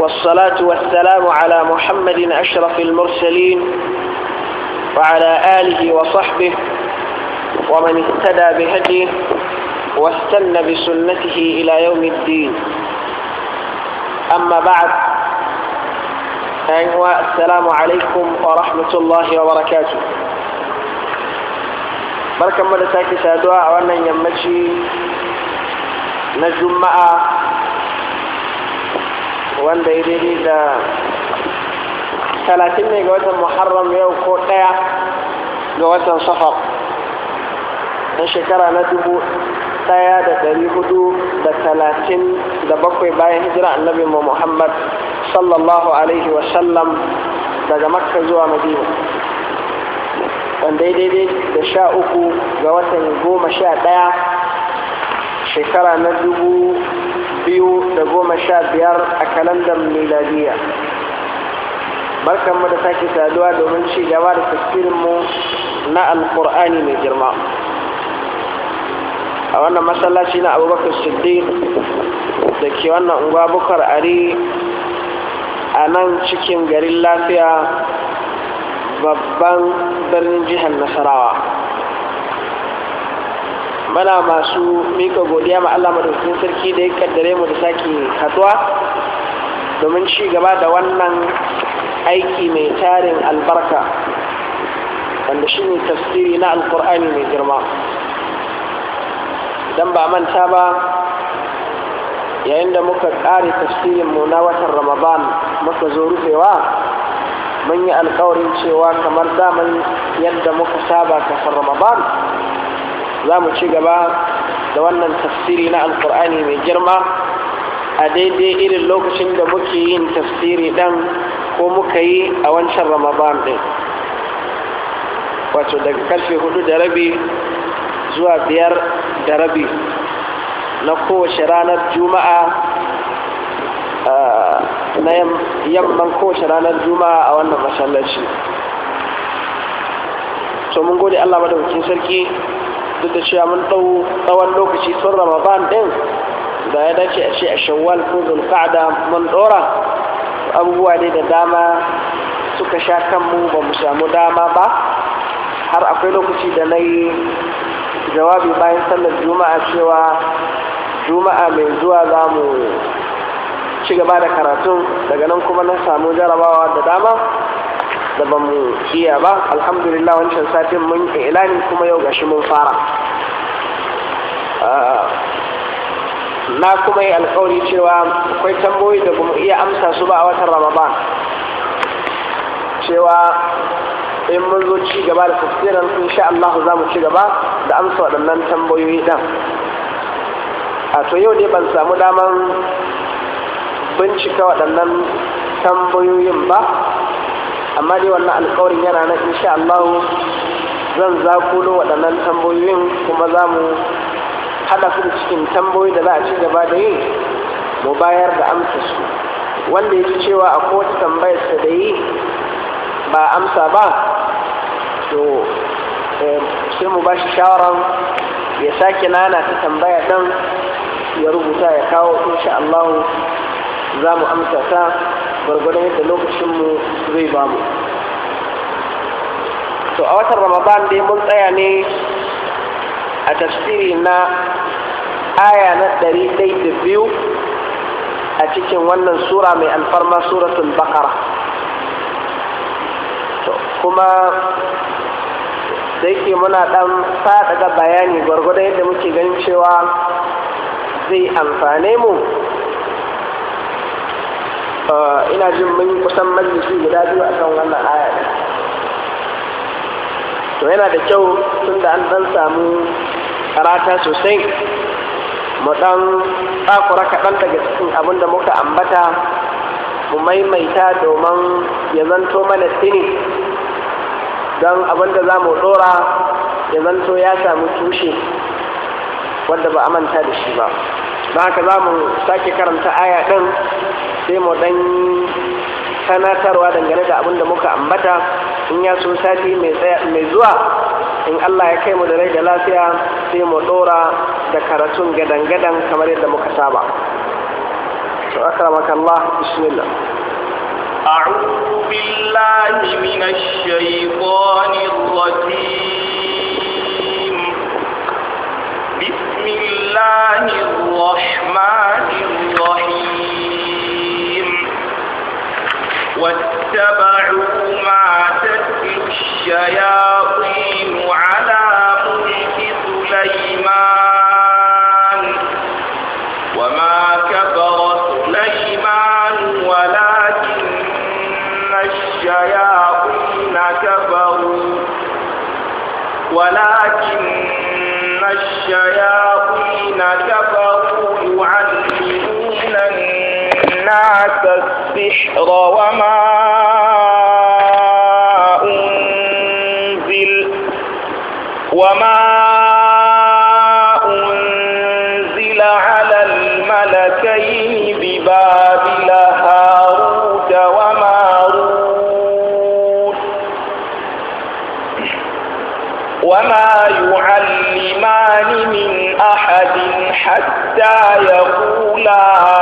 والصلاة والسلام على محمد أشرف المرسلين وعلى آله وصحبه ومن اهتدى بهديه واستنى بسنته إلى يوم الدين أما بعد أيها السلام عليكم ورحمة الله وبركاته بركة مدتاك سادواء وأنا يمشي نجمعه wanda ya daidai da talatin ne ga watan muharram yau ko ɗaya ga watan safar na shekara na dubu ɗaya da ɗari hudu da talatin da bakwai bayan hijira annabi muhammad sallallahu alaihi wasallam daga makka zuwa madina wanda ya daidai da sha uku ga watan goma sha ɗaya shekara na dubu biyu da goma sha biyar a kalandar miladiya barkanmu da sake saduwa domin ci gaba da tafsirinmu na alkur'ani mai girma a wannan masallaci na abubakar siddiq da ke wannan unguwa bukar ari a nan cikin garin lafiya babban birnin jihar nasarawa muna masu mika godiya ma Allah madaukakin sarki da ya kaddare mu da sake haduwa domin ci gaba da wannan aiki mai tarin albarka wanda shi ne tafsiri na alkur'ani mai girma idan ba manta ba yayin da muka ƙare mu na watan ramadan muka zo rufewa mun yi alkawarin cewa kamar daman yadda muka saba kafin ramadan za mu ci gaba da wannan tafsiri na alkur'ani mai girma a daidai irin lokacin da muke yin tafsiri ɗan ko muka yi a wancan ramadan ɗin wato daga karfe hudu da rabi zuwa biyar da rabi na kowace ranar juma'a na yamman kowace ranar juma'a a wannan masallaci to mun gode allah bikin sarki duk da cewa mun dau tsawon lokaci tun ramadan din da ya dace a ce a shawwal ko zulqa'da mun dora abubuwa ne da dama suka sha kanmu ba mu samu dama ba har akwai lokaci da na yi jawabi bayan sallar juma'a cewa juma'a mai zuwa za mu ci gaba da karatun daga nan kuma na samu jarabawa da dama da ba mu iya ba alhamdulillah wancan satin mun ilani kuma yau gashi mun fara ah, na kuma yi alkawari cewa akwai tambayoyi da kuma iya amsa su ba a watan ramadan cewa in mun zo ci gaba da tafsirin insha Allah za mu ci gaba da amsa waɗannan tambayoyi dan. a to yau ne ban samu daman bincika waɗannan tambayoyin ba amma dai wannan alkawarin yana na insha Allah zan zakulo waɗannan tambayoyin kuma za mu haɗa su cikin tambayoyi da za a ci gaba da yi mu bayar da amsa su wanda ya ci cewa a kowace tambayar ta da yi ba amsa ba to eh, sai mu ba shi shawarar ya sake nana ta tambaya ɗan ya rubuta ya kawo insha Allah za mu amsa ta gwargwadon yadda lokacinmu zai bamu. to a watan ramadan dai mun tsaya ne a tafsiri na aya na ɗari ɗaya da biyu a cikin wannan sura mai alfarma suratul To kuma da yake muna ɗan faɗaɗa bayani gwargwadon yadda muke ganin cewa zai amfane mu Eh, ina jin mun kusan majalisi guda biyu a kan wannan aya to yana da kyau tun da an dan samu karata sosai mu dan takura kaɗan daga cikin abin da muka ambata mu maimaita domin ya zanto mana tini don abin da za mu ɗora ya zanto ya samu tushe wanda ba a manta da shi ba don haka za mu sake karanta aya ɗin sai mu dan sanatarwa dangane da abin da muka ambata in ya so sati mai zuwa in Allah ya kai mu da rai da lafiya sai mu dora da karatun gadan-gadan kamar yadda muka saba to akramaka Allah bismillah أعوذ بالله من الشيطان الرجيم بسم الله الرحمن الرحيم واتبعوا ما تتلو الشياطين على ملك سليمان وما كفر سليمان ولكن الشياطين كفروا ولكن الشياطين كفروا يعلمون الناس السحر وما أنزل وما أنزل على الملكين ببابل هاروت وماروت وما يعلمان من أحد حتى يقولا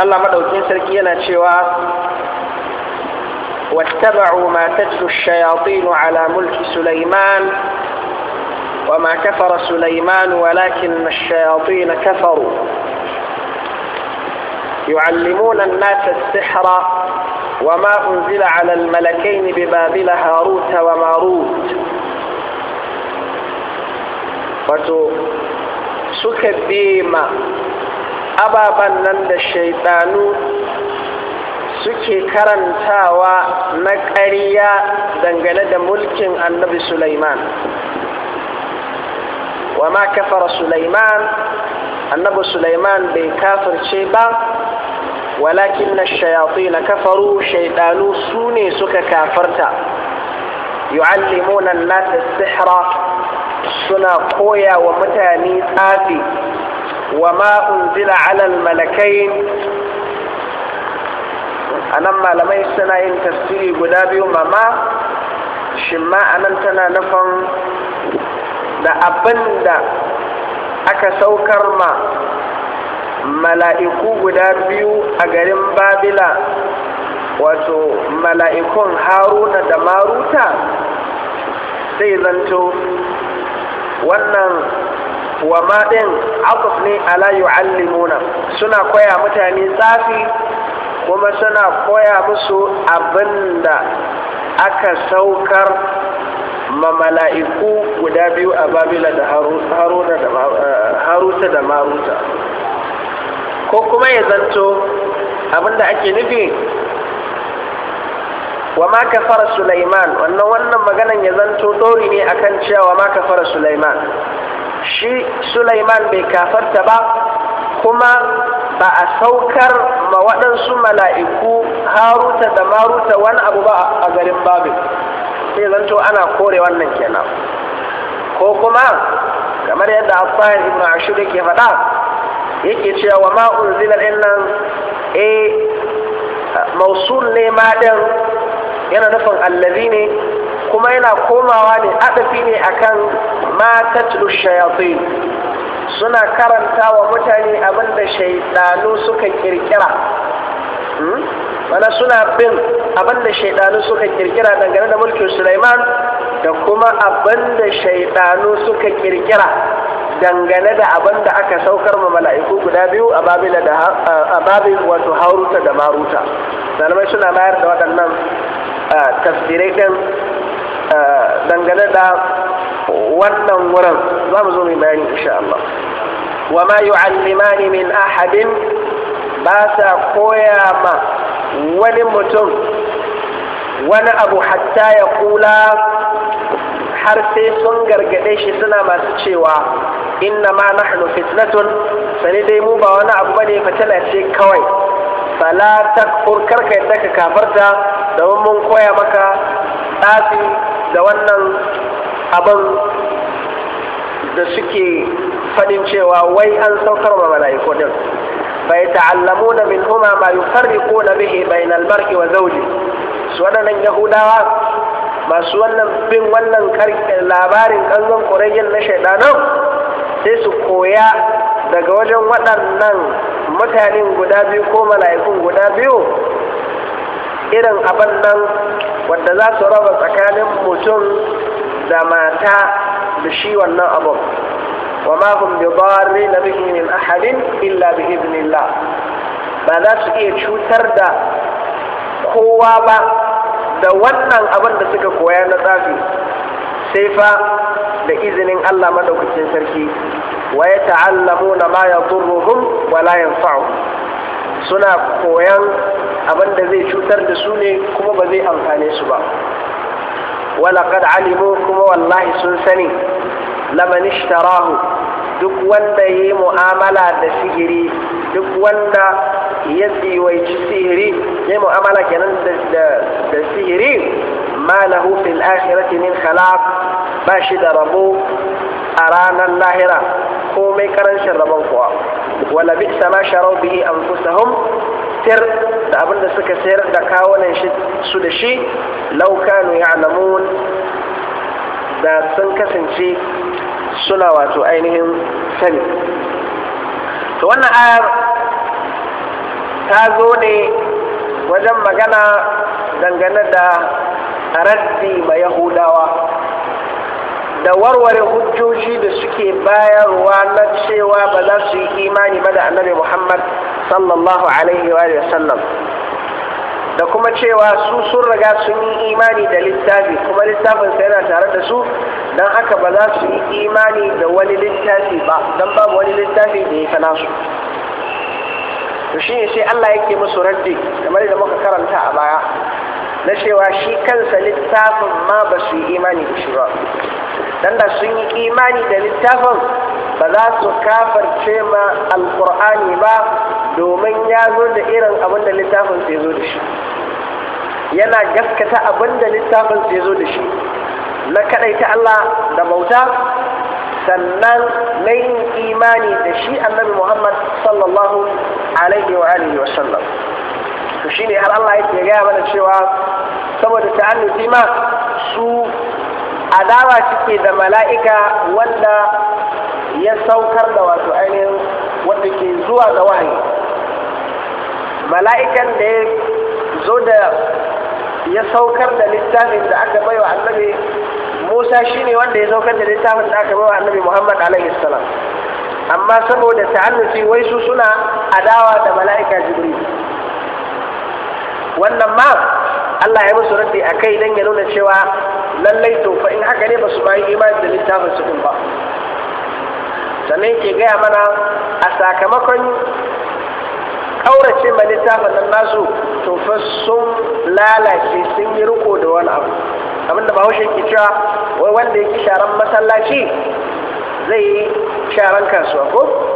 Allah madaukin sarki yana cewa wattaba'u ma tatlu ash-shayatin ala mulki Sulaiman وما كفر سليمان ولكن الشياطين كفروا يعلمون الناس السحر وما أنزل على الملكين ببابل هاروت وماروت وتسكبيما ababen nan da shaidanu suke karantawa na ƙarya dangane da mulkin annabi Sulaiman. wa ma kafara Sulaiman annabi Sulaiman bai kafirce ba walakin na shayafi na kafaru shaidanu su ne suka kafarta yu'allimuna nasa sihra suna koya wa mutane tsafi وما أنزل على الملكين anan malamai suna yin tafsiri guda biyu mama shimma anan tana nufin da abin da aka saukar ma mala'iku guda biyu a garin babila wato mala'ikun haruna da maruta sai zanto wannan wa ma ɗin aqaf ne ala yu'allimuna suna koya mutane tsafi kuma suna koya musu abin da aka saukar ma mala'iku guda biyu a babila da eh, haruta da maruta ko kuma ya zanto abin da ake nufi wa ma kafara Sulaiman wannan wannan maganan ya zanto dori ne akan cewa wa ma kafara Sulaiman shi Sulaiman bai kafarta ba kuma ba a saukar ma waɗansu mala'iku haruta da maruta wani abu ba a garin babin sai zanto ana kore wannan kenan ko kuma kamar yadda Affan ibn Ashur yake faɗa yake cewa wa ma unzila nan eh mausul ne ma ɗin yana nufin allazi ne kuma yana komawa ne adafi ne akan ma shayatin suna karanta wa mutane abin da shaidanu suka kirkira hmm? mana suna bin abin da shaidanu suka kirkira dangane da mulkin Sulaiman da kuma abin da shaidanu suka kirkira dangane da abin da aka saukar ma mala'iku guda biyu a babin wato hauruta da maruta malamai suna mayar da waɗannan tafsirai ɗin dangane da wannan wurin za mu zo mai bayani insha Allah wa ma yu'allimani min ahadin ba sa koya ma wani mutum wani abu hatta ya kula har sai sun gargade shi suna masu cewa inna ma nahnu fitnatun sani dai mu ba wani abu bane fitila ce kawai fala takfur karka yadda ka kafarta domin mun koya maka tsafi da wannan abin da suke fadin cewa wai an saukar wa mala'iku din bai ta'allamu da min huma ma yufarriqu na bihi bai mar'i wa zawji su waɗannan yahudawa masu wannan bin wannan labarin kanzon kurayyin na shaidanan sai su koya daga wajen waɗannan mutanen guda biyu ko mala'ikun guda biyu irin abin nan wanda za su raba tsakanin mutum da mata da shi wannan abin wa ma hum bi la bi min ahadin illa bi idnillah ba za su iya cutar da kowa ba da wannan abin da suka koya na tsafi sai fa da izinin Allah madaukakin sarki wa ya na ma yadurruhum wa la yanfa'u suna koyan abin da zai cutar da su ne kuma ba zai amfane su ba walaƙad alimu kuma wallahi sun sani laman duk wanda ya yi mu'amala da sihiri duk wanda ya tsiwaici sihiri ya yi mu'amala kenan da sihiri ma na fil akhirati min khalaq ba shi da rabo a ranar lahira komai karancin rabon kuwa wala bisa ma sharau bihi anfusahum tir da abin da suka sayar da kawunan su da shi laukanu ya alamun da sun kasance suna wato ainihin sani to wannan ayar ta zo ne wajen magana dangane da raddi ma yahudawa da warware hujjoji da suke bayarwa na cewa ba za su yi imani ba da annabi muhammad sallallahu alaihi wa sallam da kuma cewa su sun riga sun yi imani da littafi kuma littafinsa yana tare da su don haka ba za su yi imani da wani littafi ba don babu wani littafi da ya nasu su to shi ne sai allah yake musu raddi kamar da muka karanta a baya na cewa shi kansa littafin ma ba su yi imani da shi ba dan da sun yi imani da littafin ba za su kafarce ma alkur'ani ba domin ya zo da irin abin da littafin sai zo da shi yana gaskata abin da littafin sai zo da shi na ta Allah da bauta sannan na yin imani da shi annabi Muhammad sallallahu alaihi wa alihi wa sallam to shine har Allah yake gaya mana cewa saboda ta'annuti ma su adawa suke da mala'ika wanda ya saukar da wato ainihin wanda ke zuwa ga wahayi mala'ikan da ya zo da ya saukar da littafin da aka baiwa annabi musa shine wanda ya saukar da littafin da aka baiwa annabi muhammad alaihi salam amma saboda ta'annuti wai su suna adawa da mala'ika jibril wannan ma Allah ya musu rabbi a kai don ya nuna cewa lallai to fa in haka ne ba su bayi imani da littafin su ba sannan ke gaya mana a sakamakon ƙaurace ma littafin nan nasu to fa sun lalace sun yi riko da wani abu abin da bahaushe ke cewa wai wanda yake sharan masallaci zai yi sharan kasuwa ko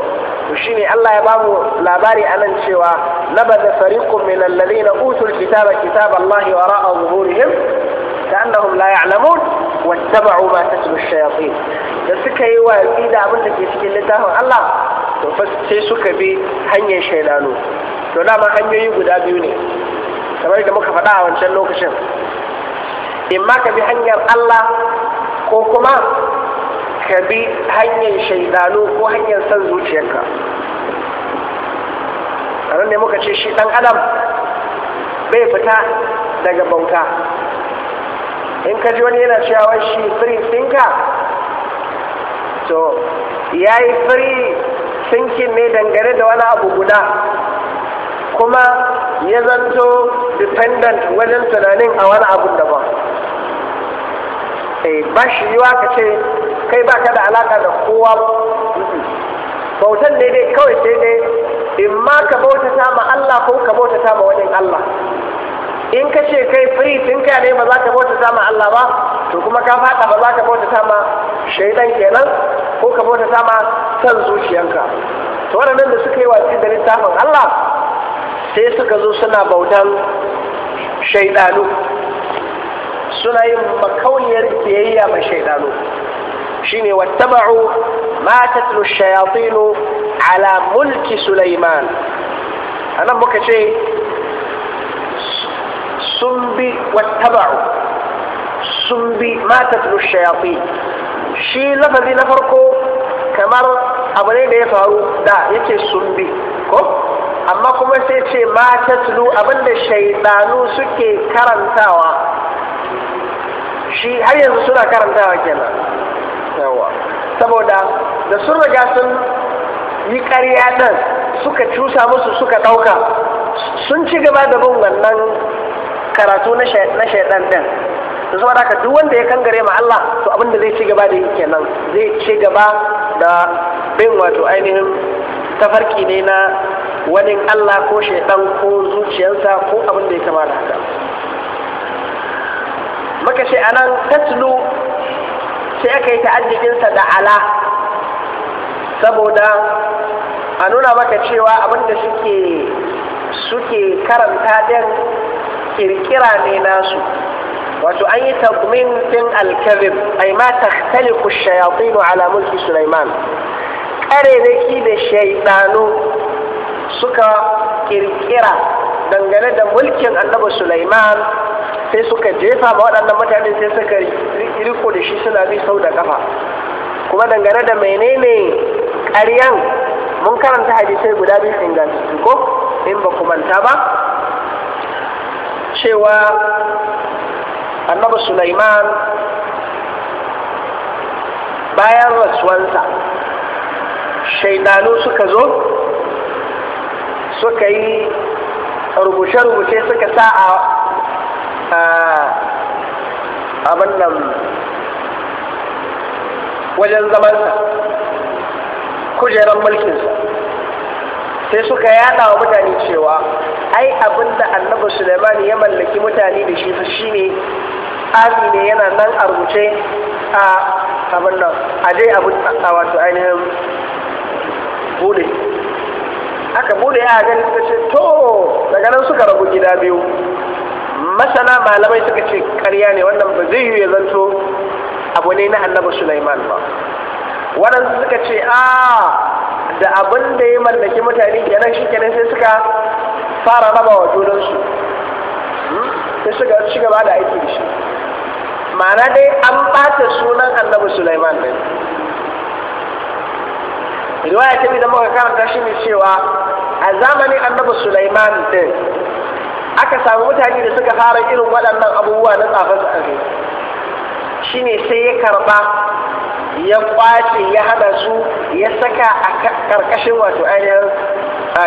to shine Allah ya bamu labari anan cewa nabada fariqu min alladhina utul kitaba kitaba Allah wara'a zuhurihim ka'annahum la ya'lamun wattaba'u ma tatlu ash-shayatin da suka yi wa da abin da ke cikin littafin Allah to fa sai suka bi hanyar shaydanu to dama hanyoyi guda biyu ne kamar da muka faɗa a wancan lokacin in ma ka bi hanyar Allah ko kuma ka bi hanyar shaidano ko hanyar san zuciyarka ranar ne muka ce shi ɗan adam bai fita daga bauta in ka ji wani yana cewa shi free thinker to ya yi free thinking ne dangane da wani abu guda kuma ya zanto dependent wajen tunanin a wani abu daban eh, ba shi yiwa ka ce kai ba ka da alaka da kowa bautan ne dai kawai sai dai in ma ka bautata ma Allah ko ka bautata ma wajen Allah in ka ce kai free ka ne ba za ka bautata ma Allah ba to kuma ka fada ba za ka bautata ma shaidan kenan ko ka bautata ma san zuciyanka to waɗannan da suka yi watsi da littafin Allah sai suka zo suna bautan shaidanu suna yin makauniyar biyayya ma shaidanu shine wattaba'u ma tatlu shayatin ala mulki sulaiman anan muka ce sun bi wattaba'u sun bi ma tatlu shayatin shi lafazi na farko kamar abu ne da ya faru da yake sun bi ko amma kuma sai ce ma tatlu abinda shaidanu suke karantawa shi har yanzu suna karantawa kenan yawa saboda da sun riga sun yi ƙarya nan suka cusa musu suka ɗauka sun ci gaba da bin wannan karatu na shaidan ɗin da zuwa haka duk wanda ya kangare ma Allah to abin da zai ci gaba da yi kenan zai ci gaba da bin wato ainihin tafarki ne na wani Allah ko shaidan ko zuciyarsa ko abin da ya kama da haka maka shi anan tatlu sai aka yi ta'addidinsa da ala saboda a nuna maka cewa abinda suke suke karanta din kirkira ne nasu wato an yi tagmin din alkazib ai ma takhtaliqu ash-shayatin ala mulki sulaiman kare ne ki da shaytanu suka kirkira dangane da mulkin annabi sulaiman sai suka jefa ma waɗannan mutane sai suka riko da shi suna bi sau da kafa kuma dangane da menene ƙaryan mun karanta hadisai guda biyu ingantattu ko in ba ku manta ba cewa annabi Sulaiman bayan rasuwansa shaidanu suka zo suka yi rubuce-rubuce suka sa a abin nan wajen zamansa kujeran mulkinsa sai suka yada wa mutane cewa ai abin da annabi suleiman ya mallaki mutane da shi shi ne tsari ne yana nan a rubuce a abin nan a dai abin a wato ainihin bude aka bude a ganin ta ce to daga nan suka rabu gida biyu masana malamai suka ce karya ne wannan ba zai yi ya zanto abu ne na annabi Sulaiman ba waɗansu suka ce a da abin da ya mallaki mutane kenan shi kenan sai suka fara raba wa junansu hmm? sai suka ci gaba da aiki da shi ma'ana dai an bata sunan annabi Sulaiman ne riwaya ta da muka karanta shi ne cewa a zamanin annabi Sulaiman din aka samu mutane da suka fara irin waɗannan abubuwa na tsafa shi ne sai ya karba ya kwace ya hada su ya saka a karkashin wato ainihin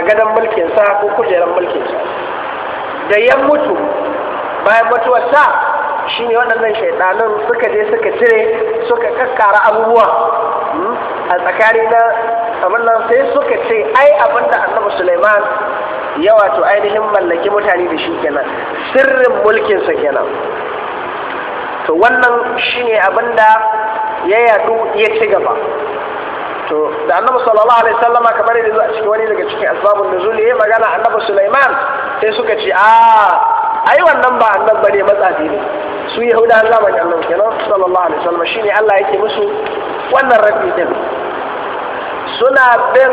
gadon mulkinsa ko kujerar mulkinsa da ya mutu bayan mutuwarsa shine waɗannan shaidanun suka je suka cire suka kakkara abubuwa hmm, a tsakani na abin nan sai suka ce ai abinda annabi Suleiman. Yawa to ainihin mallaki mutane da shi kenan sirrin mulkinsa kenan to wannan shine abin da ya yadu ya ci gaba to da annabi sallallahu alaihi sallama kamar yadda a cikin wani daga cikin asbabun nuzuli ya magana annabi Sulaiman sai suka ce a ai wannan ba annabi bane matsafi ne su yahuda zamanin kallon kenan sallallahu alaihi wasallam shine Allah yake musu wannan rabbi din suna bin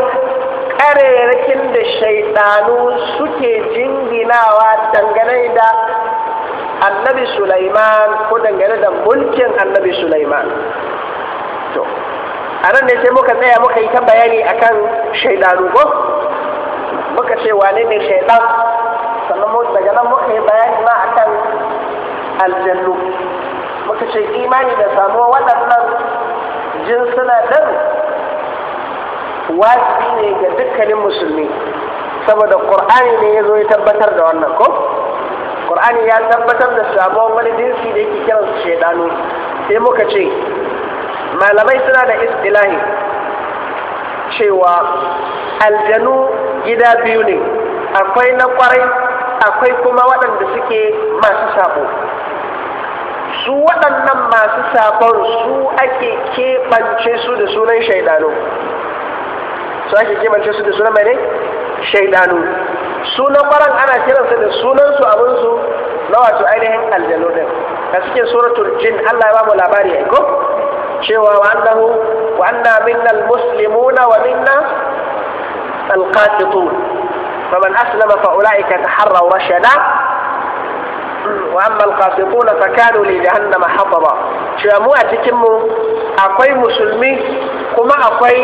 ƙarerakin da shaidanu suke jinginawa dangane da annabi Sulaiman ko dangane da mulkin annabi Sulaiman to a nan ne sai muka tsaya muka yi ta bayani akan shaidanu ko muka ce wane ne shaidan sannan daga nan muka yi bayani ma akan aljannu muka ce imani da samuwa waɗannan jinsuna ɗin wajibi ne ga dukkanin musulmi saboda qur'ani ne ya zo ya tabbatar da wannan ko qur'ani ya tabbatar da sabon wani jinsi da yake kiran su shaidanu sai muka ce malamai suna da istilahi cewa aljanu gida biyu ne akwai na kwarai akwai kuma waɗanda suke masu sabo su waɗannan masu sabon su ake keɓance su da sunan shaidanu su ake kimanta su da sunan mai ne shaidanu sunan baran ana kiransa da sunansu abinsu na wato ainihin aljanu din a cikin suratul jin Allah ya ba mu labari ai ko cewa wa annahu wa anna minna wa minna alqasitun faman aslama fa ulaika taharraw rashada wa amma alqasitun fa kanu li jahannama hataba cewa mu a cikin mu akwai musulmi kuma akwai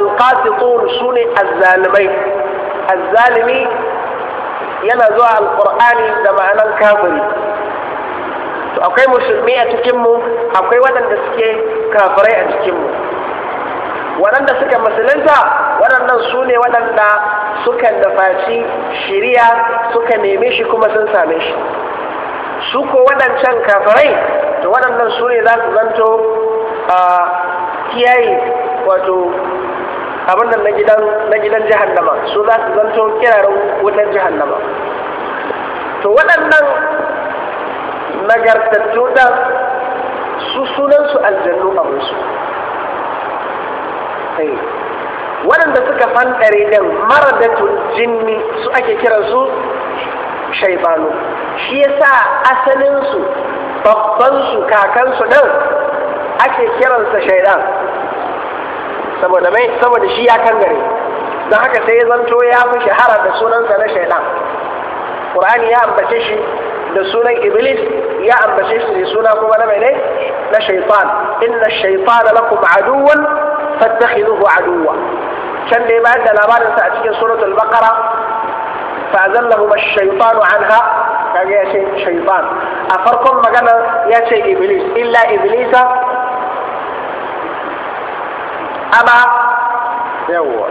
alqasitun sune azzalimai azzalimi yana zuwa Alƙur'ani da ma'anar kafiri to akwai musulmi a cikinmu akwai waɗanda suke kafirai a cikinmu waɗanda suka musulunta waɗannan su ne waɗanda suka dafaci shiriya suka neme shi kuma sun same shi su ko waɗancan kafirai to waɗannan su ne za su zanto a ah, kiyaye wato abin nan na gidan jihannama, su za su zanto kirarin wutar jihannama. to waɗannan nagartattu da su sunansu aljannu abinsu eh, waɗanda suka fanɗare mara da jinni su ake kiransu shaibanu shi ya sa asalinsu babbansu kakansu ɗin ake kiransa shaidan saboda mai saboda shi ya kangare don haka sai ya zanto ya fi shahara da sunansa na shaidan ƙur'ani ya ambace shi da sunan iblis ya ambace shi da suna kuma na mene na shaitan inna shaitana lakum aduwwan fattakhiduhu aduwwa can da ya bayar da labarinsa a cikin suratul baqara فأزلهما الشيطان عنها a يا A farkon مجانا ya ce Iblis illa Iblisa. aba yawwa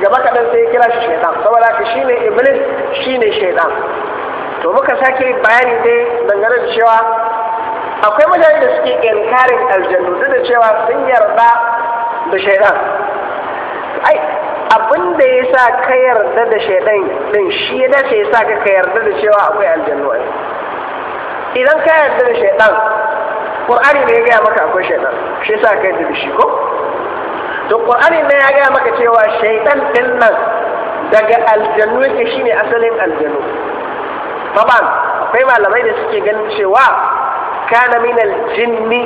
gaba kaɗan sai kira shi shaidan saboda ka shine iblis shine shaidan to muka sake bayani dai dangane da cewa akwai mutane da suke inkarin aljannu duk da cewa sun yarda da shaidan ai abin da ya sa ka yarda da shaidan din shi ya dace ya sa ka yarda da cewa akwai aljannu idan ka yarda da shaidan qur'ani ne ya gaya maka akwai shaitan shi sa kai da shi ko to qur'ani ne ya gaya maka cewa shaitan din nan daga aljannu yake shine asalin aljannu taban akwai malamai da suke ganin cewa kana min aljinni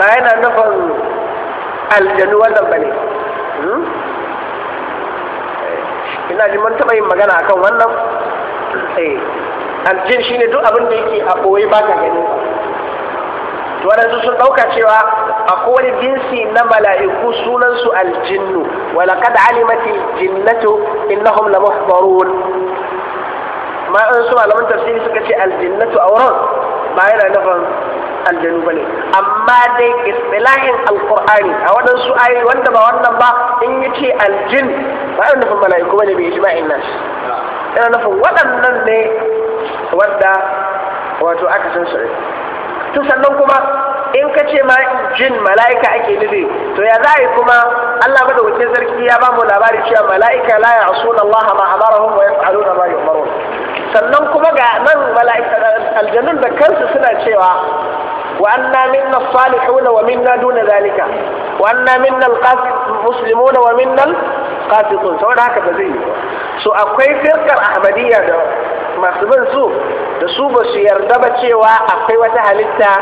ba yana nufin aljanu wannan bane hmm? ina ji mun taɓa yin magana akan wannan eh, aljin shine duk abin da yake a ɓoye ba ka gani waɗansu sun ɗauka cewa akwai wani jinsi na mala'iku sunansu aljinnu walaƙad alimati jinnatu innahum la muhbarun ma in su malaman tafsiri suka ce aljinnatu auran ba yana nufin aljanu ba ne amma dai istilahin alkur'ani a waɗansu ayi wanda ba wannan ba in yi ce aljin ba yana nufin mala'iku ba ne bai jima'in nashi yana nufin waɗannan ne wanda wato aka san su to sannan kuma in ka ce ma jin mala'ika ake nufi to ya za yi kuma Allah wuce sarki ya ba mu labari cewa mala'ika la ya'suna Allah ma amarahum wa yaf'aluna ma yu'marun sannan kuma ga nan mala'ika aljannun da kansu suna cewa wa anna minna salihuna wa minna duna zalika wa anna minna alqasit muslimuna wa minna alqasitun saboda haka ba zai yi so akwai firkar ahmadiyya da masu bin su da su ba su yarda ba cewa akwai wata halitta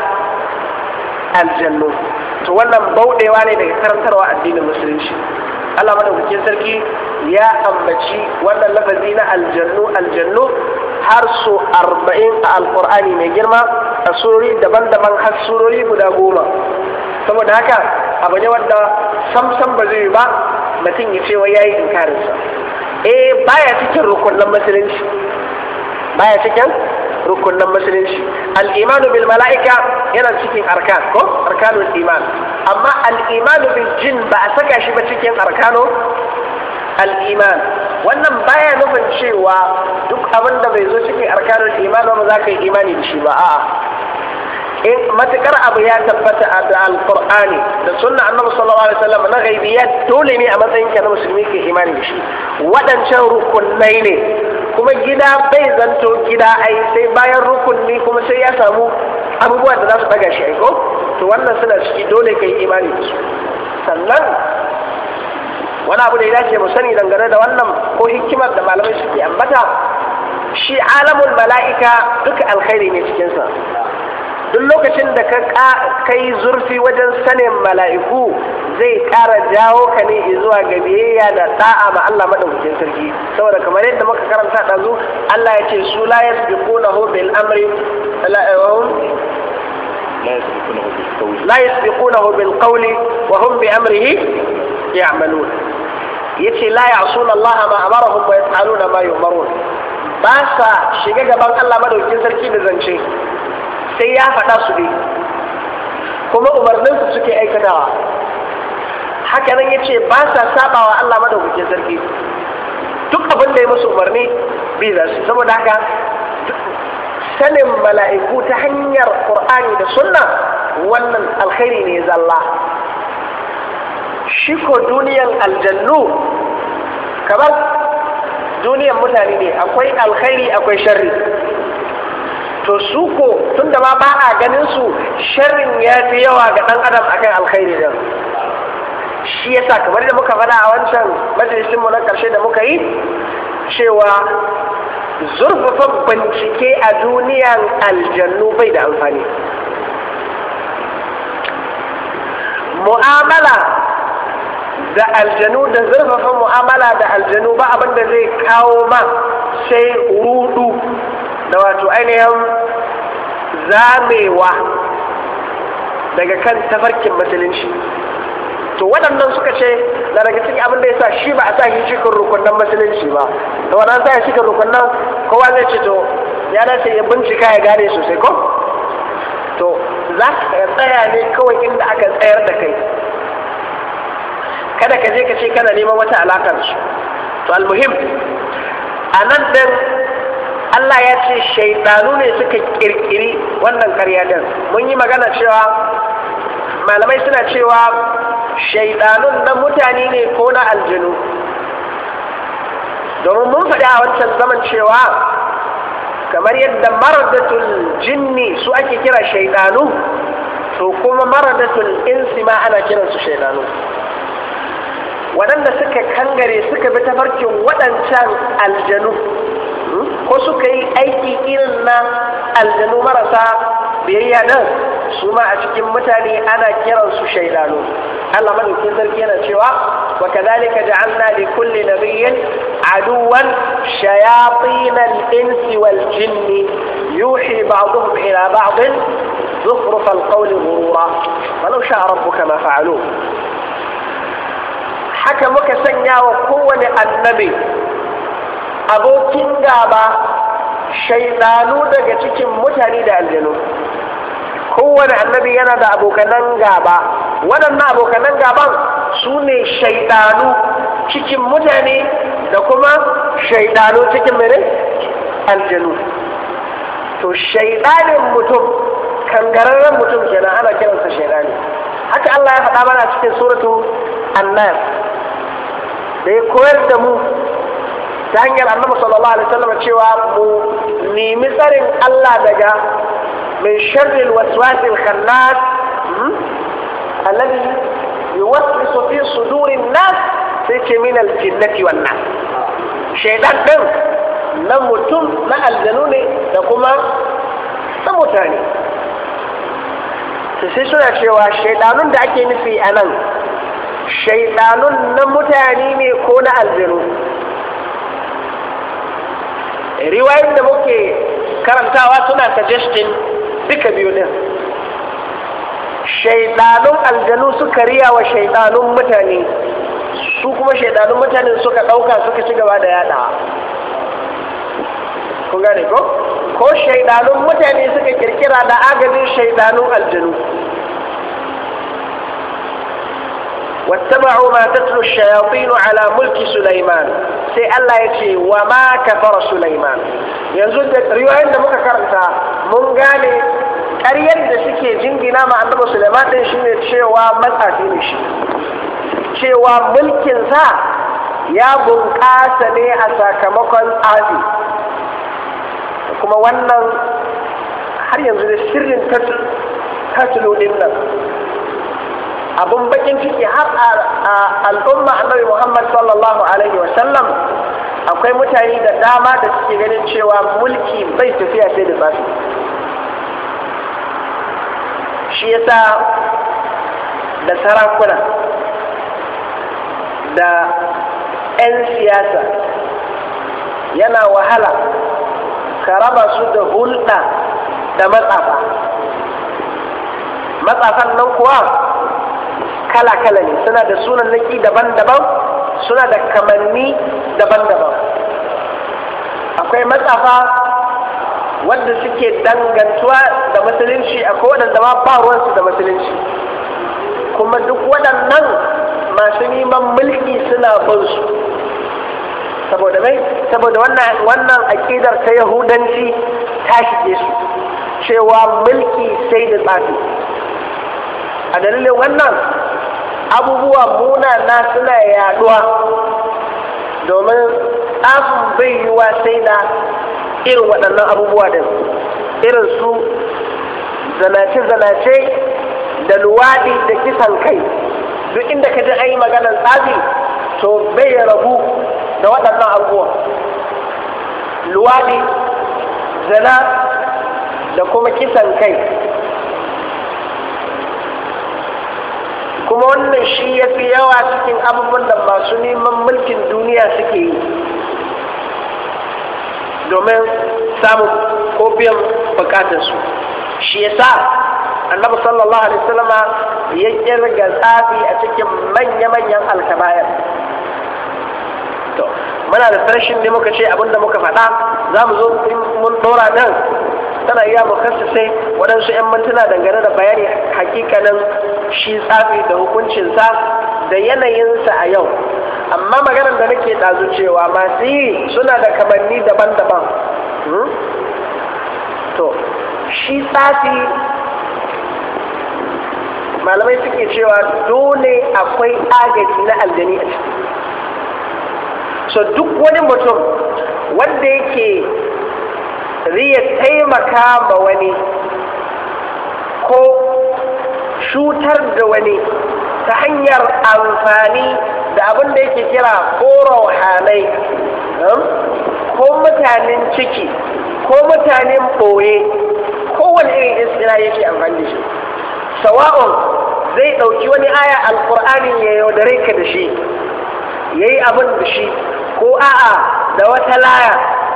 aljannu to wannan bauɗewa ne daga karantarwa addinin musulunci Allah madaukakin sarki ya ambaci wannan lafazi na aljannu aljannu har su arba'in a alkur'ani mai girma a surori daban-daban har surori guda goma saboda haka abu ne wanda samsam ba zai ba mutum ya ce wai yayi inkarinsa eh baya cikin rukunin musulunci baya cikin rukunin musulunci al-imanu bil mala'ika yana cikin arkan ko iman amma al bil jin ba a saka shi ba cikin arkano al'iman. wannan baya nufin cewa duk abin da bai zo cikin arkanun iman ba za ka yi imani da shi ba a'a in matukar abu ya tabbata a da alqur'ani da sunna annabi sallallahu alaihi wasallam na ghaibiyat dole ne a matsayin ka na musulmi ka imani da shi waɗancan rukunai ne kuma gida bai zanto gida ai sai bayan rukunni kuma sai ya samu abubuwan da za su daga shi aiko to wannan suna ciki dole kai imani da su sannan wani abu da ya dace mu sani dangane da wannan ko hikimar da malamai suke ambata shi alamul mala'ika duka alkhairi ne cikinsa duk lokacin da ka kai zurfi wajen sanin mala'iku zai ƙara jawo ka ne zuwa ga biyayya da da'a ma Allah madaukakin sarki saboda kamar yadda muka karanta ɗazu Allah ya ce su la yasbiqunahu bil amri la eh, yasbiqunahu bil qawli wa hum bi amrihi ya'malun yace la ya'suna Allah ma amarahum wa yaf'aluna ma yu'marun ba sa shiga gaban Allah madaukakin sarki da zance sai ya faɗa su ne kuma umarninsu suke aikatawa haka nan ya ce ba sa sabawa Allah madaukakin sarki duk abin da ya musu umarni bai za su saboda haka sanin mala'iku ta hanyar ƙur'ani da sunna wannan alkhairi ne zalla shi ko duniyan aljannu kamar duniyan mutane ne akwai alkhairi akwai sharri to su ko tun da ma ba a ganin su sharrin ya fi yawa ga ɗan adam akan alkhairi da shi yasa kamar da muka fada a wancan majalisinmu na karshe da muka yi cewa zurfafa bincike a duniyan aljannu bai da amfani mu'amala da aljanu da zurfafa mu'amala da aljanu ba abinda zai kawo ma sai rudu da wato ainihin zamewa daga kan tafarkin musulunci to waɗannan suka ce da daga cikin abin da ya sa shi ba a sa shi cikin rukunan musulunci ba da wannan sa shi cikin rukunan kowa zai ce to ya dace ya bincika ya gane sosai ko to za ka tsaya ne kawai inda aka tsayar da kai kada ka je ka ce kana neman wata alakar su to almuhim a nan ɗin Allah ya ce shaidanu ne suka kirkiri wannan karya din mun yi magana cewa malamai suna cewa shaidanun na mutane ne ko na aljanu? domin mun faɗi a wancan zaman cewa kamar yadda maradatul jinni su ake kira shaidanu to kuma maradatul insi ma ana kiransu shaidanu waɗanda suka kangare suka bi tafarkin waɗancan aljanu ko suka yi aiki irin na aljanu marasa biyayya nan su ma a cikin mutane ana kiransu shaidanu Allah madaukin sarki yana cewa wa kadhalika ja'alna li kulli nabiyyin aduwan shayatin al-insi wal jinni yuhi ba'dhum ila ba'd زخرف القول غرورا ولو شاء ربك ما فعلوه haka muka sanya wa kowane annabi abokin gaba shaidanu daga cikin mutane da aljanu kowane annabi yana da abokanan gaba waɗannan abokanan gaban su ne shaidanu cikin mutane da kuma shaidanu cikin mere aljanu to shaidanin mutum kangararren mutum kenan ana kiransa shaidani haka Allah ya faɗa mana cikin suratu annas da ya koyar da mu ta hanyar annabi sallallahu alaihi wasallam cewa mu nemi tsarin Allah daga min sharri alwaswas alkhannas hmm? alladhi yuwaswisu fi sudurin nas sai ce min aljinnati wan nas shaydan din na mutum na aljanu ne da kuma na mutane sai suna cewa shaidanun da ake nufi a nan shaidanun na mutane ne ko na aljanu riwayar da muke karantawa suna suggestion duka biyu din shaidanun aljanu suka riya wa shaidanun mutane su kuma shaidanun mutane suka ɗauka suka ci gaba da yada kun gane ko ko shaidanun mutane suka kirkira da agajin shaidanun aljanu wattaba'u ma tatlu shayatin ala mulki Sulaiman sai Allah ya ce wa ma kafara Sulaiman yanzu da riwayoyin da muka karanta mun gane ƙaryar da suke jingina ma annabi Sulaiman din shine cewa matsafi ne shi cewa mulkin sa ya bunƙasa ne a sakamakon tsafi kuma wannan har yanzu da sirrin tatlu ɗin nan abun bakin ciki har a al'umma annabi muhammad sallallahu alaihi wa sallam, akwai mutane da dama da suke ganin cewa mulki bai tafiya sai da tsafi shi yasa da sarakuna da 'yan siyasa yana wahala ka raba su da hulɗa da matsafa matsafan nan kuwa kala-kala ne suna da sunan laki daban-daban suna da kamanni daban-daban akwai matsafa wadda suke dangantuwa da musulunci a waɗanda ma ba ruwansu da musulunci kuma duk waɗannan masu neman mulki suna bin su saboda mai saboda wannan aƙidar ta yahudanci ta shige su cewa mulki sai da tsafi a dalilin wannan abubuwa na suna yaduwa domin tsafin bai yiwa sai da irin waɗannan abubuwa din irin su zanace-zanace da luwaɗi da kisan kai duk inda ka ji ayi maganar tsafi to bai rabu da waɗannan abubuwa luwaɗi zana da kuma kisan kai kuma wannan shi ya fi yawa cikin abubuwan da masu neman mulkin duniya suke yi domin samun ko biyan bukatarsu shi ya sa annabi sallallahu alaihi wasallama ya kirga tsafi a cikin manya-manyan alkabayar to muna da sarshin ne muka ce abinda muka faɗa za mu zo mun ɗora nan tana iya sai waɗansu 'yan mintuna dangane da bayani hakikanin shi tsafi da hukuncinsa da yanayinsa a yau amma maganar da nake ɗazu cewa masu yi suna da kamanni daban-daban hmm? to shi tsafi malamai suke cewa dole akwai agaji na aljani a ciki so duk wani mutum wanda yake zai ya taimaka ma wani ko shutar da wani ta hanyar amfani da abin da yake kira ko rauhanai um, ko mutanen ciki ko mutanen ɓoye kowane irin istira yake amfani da shi sawa'un zai ɗauki wani aya alƙur'ani ya yaudare ka da shi ya yi abin da shi ko a'a da wata laya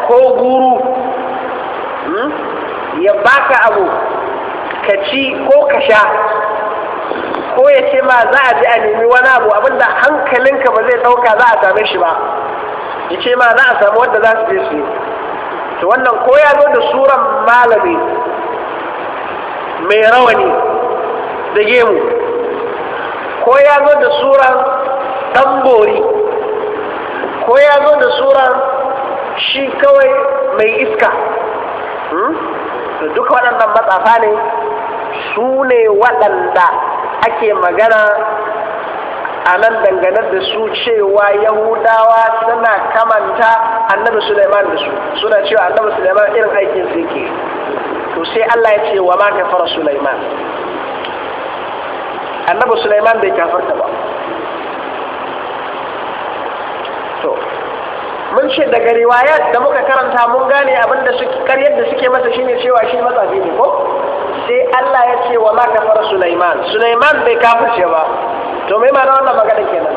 ko guru ya baka abu ka ci ko ka sha ko ya ce ma za a ji a nemi wani abu abinda hankalinka ba zai ɗauka za a same shi ba ya ce ma za a samu wanda za su je su to wannan ko ya zo da suran malami mai rawani da gemu ko ya zo da suran tambori ko ya zo da suran shi kawai mai iska duk hmm? duka waɗannan matsafa ne su ne waɗanda ake magana a nan dangane da su cewa yahudawa suna kamanta annabi suleiman da su suna cewa annabi suleiman irin aikin su yake to sai allah ya ce wa ma kafara suleiman annabi suleiman bai kafarta ba mun ce daga riwayat da muka karanta mun gane abin da suke karyar da suke masa shine cewa shi matsafi ne ko sai Allah ya ce wa ma fara Sulaiman Sulaiman bai kafirce ba to me ma'ana wannan magana kenan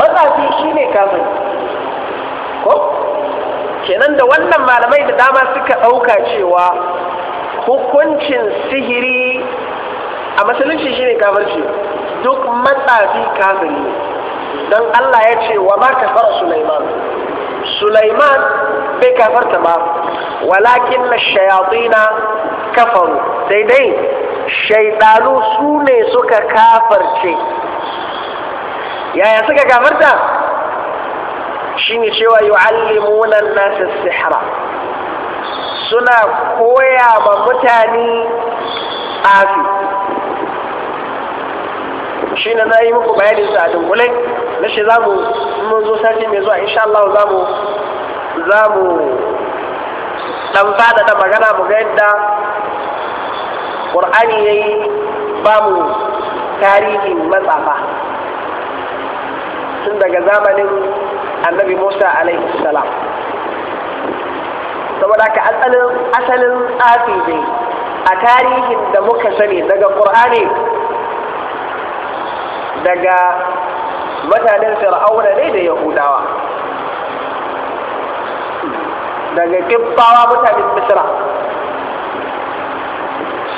matsafi shine kafir ko kenan da wannan malamai da dama suka ɗauka cewa hukuncin sihiri a musulunci shine kafirci duk matsafi kafiri ne don Allah ya ce wa ma kafara Sulaiman Sulaiman bai kafarta ba walakin na shayatina kafaru sai dai shaidanu su ne suka kafarce yaya suka kafarta shine cewa yu'allimuna an-nasa sihra suna koya ma mutane tsafi shi na na yi muku bayanin sa a dunkulai na shi zamu mun zo sati mai zuwa insha Allah za mu dan fada da magana mu ga yadda Qur'ani yayi ba mu tarihin matsafa tun daga zamanin annabi Musa alaihi salam saboda ka asalin asalin tsafi ne a tarihin da muka sani daga Qur'ani daga mutanen fir'auna ne da yahudawa daga kibbawa mutanen misra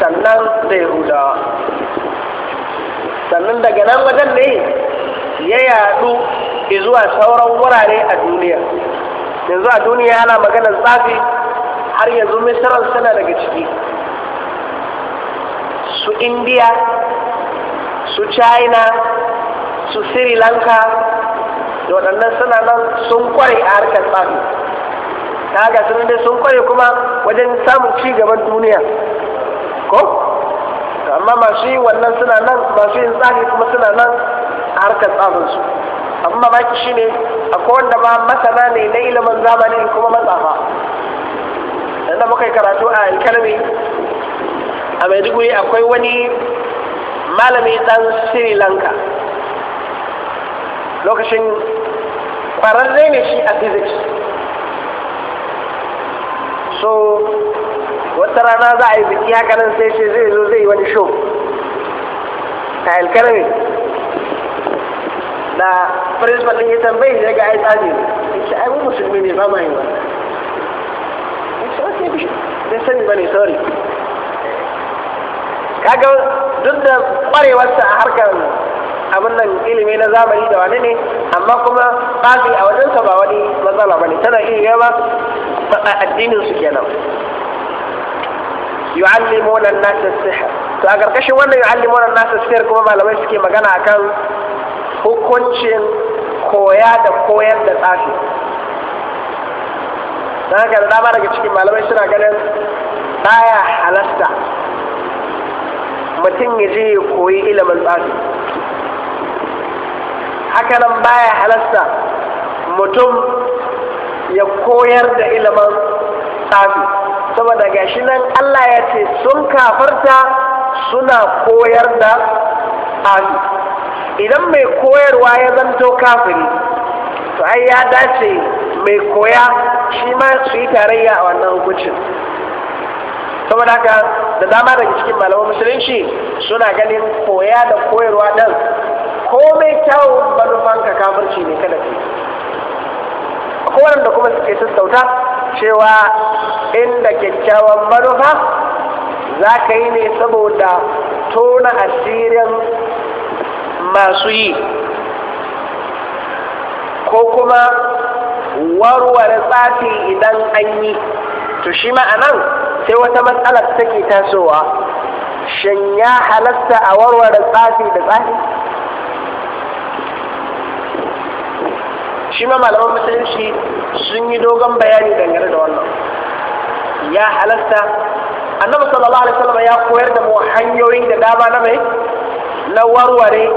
sannan da yahudawa sannan daga nan wajen ne ya yadu zuwa sauran wurare a duniya yanzu a duniya yana maganar tsafi har yanzu misiran suna daga ciki su indiya su china su sri lanka da waɗannan suna nan sun kware a harkar tsaro ta haka sun dai sun kware kuma wajen samun ci gaban duniya ko amma masu yi wannan suna nan masu yin tsari kuma suna nan a harkar su. amma baki shine akwai wanda ma masana ne na ilimin zamani kuma matsafa da muka yi karatu a alkalmi a maiduguri akwai wani malami dan sri lanka lokacin kwararre ne shi a physics so wata rana za a yi biki haka nan sai ce zai zo zai yi wani show a alkarami Na principal ɗin ya tambayi ga ai tsari ya ce ai musulmi ne ba ma yi wannan ya ce ok sani ba ne sorry kaga duk da kwarewarsa a harkar abin nan ilimi na zamani da wani ne amma kuma kafi a wajensa ba wani matsala ba ne tana iya yawa addinin su kenan yu'allimuna an-nas as-sihr to a karkashin wannan yu'allimuna an-nas as-sihr kuma malamai suke magana akan hukuncin koya da koyar da tsafi dan haka da dama daga cikin malamai suna ganin baya halasta mutum ya je ya koyi ilimin tsafi hakanan baya halasta mutum ya koyar da ilimin tsari saboda gashi nan Allah ya ce sun kafarta suna koyar da tsari idan mai koyarwa ya zanto kafiri to ai ya dace mai koya shi ma su yi tarayya a wannan hukuncin saboda haka da dama daga cikin malaman musulunci suna ganin koya da koyarwa ɗan komai kyawun manufan ka kafirci ne kada ke kowane da kuma suke sassauta cewa inda kyakkyawan manufa za ka yi ne saboda tona asirin masu yi ko kuma warware tsafi idan an yi to shi ma'anan sai wata matsala take tasowa shin ya halatta a warware tsafi da tsafi shi ma malaman musulunci sun yi dogon bayani dangane da wannan ya halatta annabi sallallahu alaihi wasallam ya koyar da mu hanyoyin da dama na mai na warware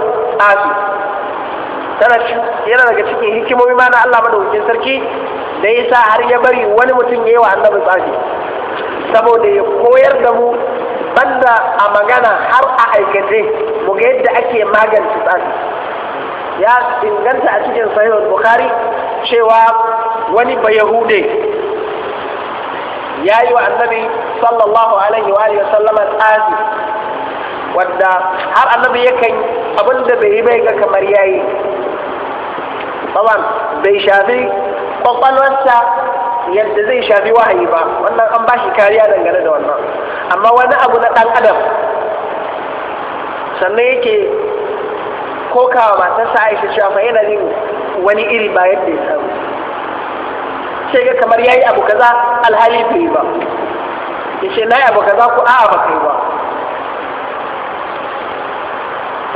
tsafi yana daga cikin hikimomi ma na Allah madaukakin sarki da yasa har ya bari wani mutum ya wa annabi tsafi saboda ya koyar da mu banda a magana har a aikace mu ga yadda ake magance tsari ya inganta a cikin sahihul bukhari cewa wani bayahude ya yi wa annabi sallallahu alaihi wa sallama tsari wadda har annabi yakan abin da bai yi bai ga kamar yayi bai shafi kwakwalwarsa yadda zai shafi wahayi ba wannan an ba shi kariya dangane da wannan amma wani abu na dan adam sannan yake kokawa matarsa aisha cewa fa yana yin wani iri ba yadda ya samu sai ga kamar yayi abu kaza alhali bai ba yace nayi abu kaza ko a'a ba kai ba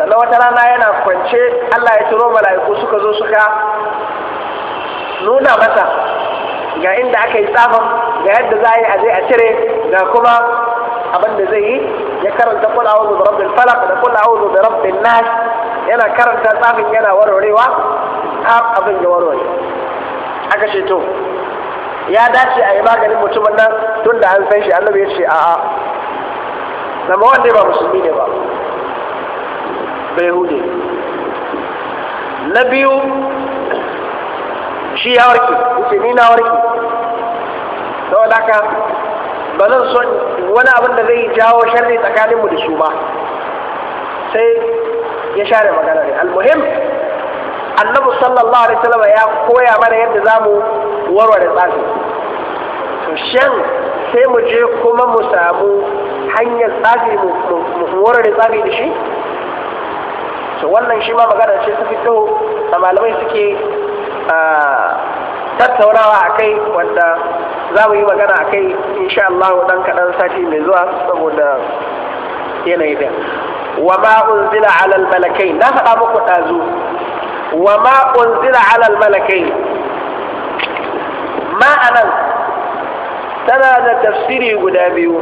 sannan wata rana yana kwance Allah ya turo mala'iku suka zo suka nuna masa ga inda aka yi tsafin ga yadda za a yi a zai a cire ga kuma abin da zai yi ya karanta a wuzu da rabbil falak da a wuzu da rabbin nash yana karanta tsafin yana warwarewa har abin ya warware aka ce to ya dace a yi maganin mutumin nan tun da an san shi annabi ya ce a'a zama wanda ba musulmi ne ba bai hude na biyu shi ya warke wuce ni na warke saboda haka ba zan so wani abin da zai jawo sharri tsakanin mu da su ba sai ya share magana ne almuhim annabi sallallahu alaihi wasallam ya koya mana yadda zamu warware tsafi to shan sai mu je kuma mu samu hanyar tsafi mu warware tsafi da shi to wannan shi ma magana ce ta fito da malamai suke tattaunawa a kai wanda za mu yi magana a kai insha Allah dan kaɗan sati mai zuwa saboda yanayi da wa ma unzila alal malakai na faɗa muku ɗazu wa ma unzila alal malakai ma anan tana da tafsiri guda biyu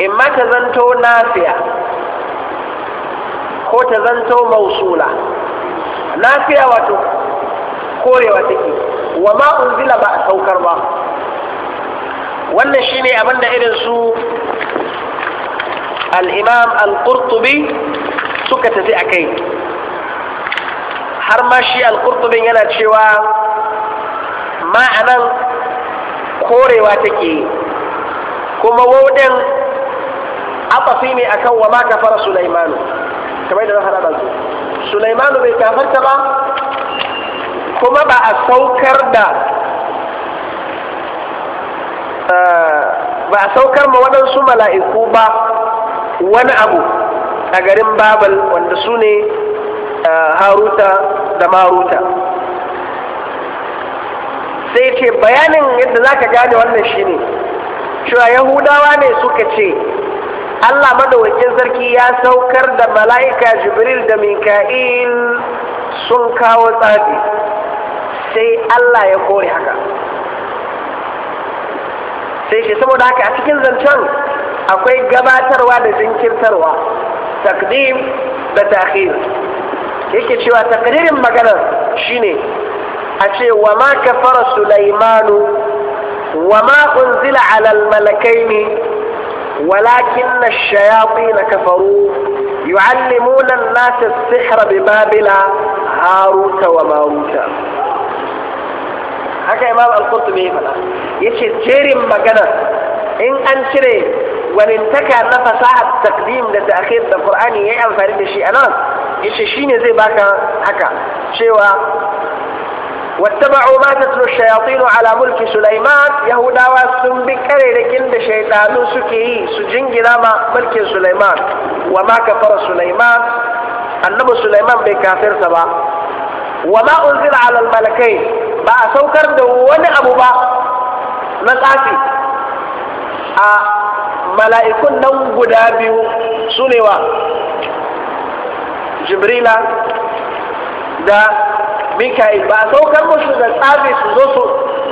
in ma ta zanto nafiya ko ta zanto mausula nafiya wato korewa take wa ma unzila ba a saukar ba wannan shine abin da irin su al-imam al-qurtubi suka tafi a kai har ma shi al yana cewa ma'anan korewa take kuma waudan afafi ne akan wa ma kafara sulaimanu kamar da na su sulaimanu bai kafarta ba kuma ba a saukar da eh, ba a saukar ma waɗansu mala'iku ba wani abu a garin babal wanda su ne eh, haruta da maruta sai ce bayanin yadda za ka gane wannan shi ne cewa yahudawa ne suka ce Allah madawakin sarki ya saukar da mala'ika Jibril da Mika'il sun kawo tsafi. sai Allah ya kore haka sai shi saboda haka a cikin zancen akwai gabatarwa da jinkirtarwa takdim da takhir yake cewa takdirin maganar shine a ce wa ma kafara sulaimanu wa ma unzila ala almalakaini walakin ash-shayatin kafaru yu'allimuna an-nasa as-sihra bi babila haruta wa maruta haka imam al-qurtubi ya faɗa yace jerin magana in an cire walintaka na fasahar takdim da ta'khir da qur'ani yayi amfani da shi anan yace shine zai baka haka cewa واتبعوا ما تتلو الشياطين على ملك سليمان يهودا وسن بكري لكن شيطان سكي سجنجي لما ملك سليمان وما كفر سليمان النبي سليمان بكافر سبا وما أنزل على الملكين ba a saukar da wani abu ba na tsafi a mala'ikun nan guda biyu su ne wa jibrila da mika'il ba a saukar musu da tsafi su zo su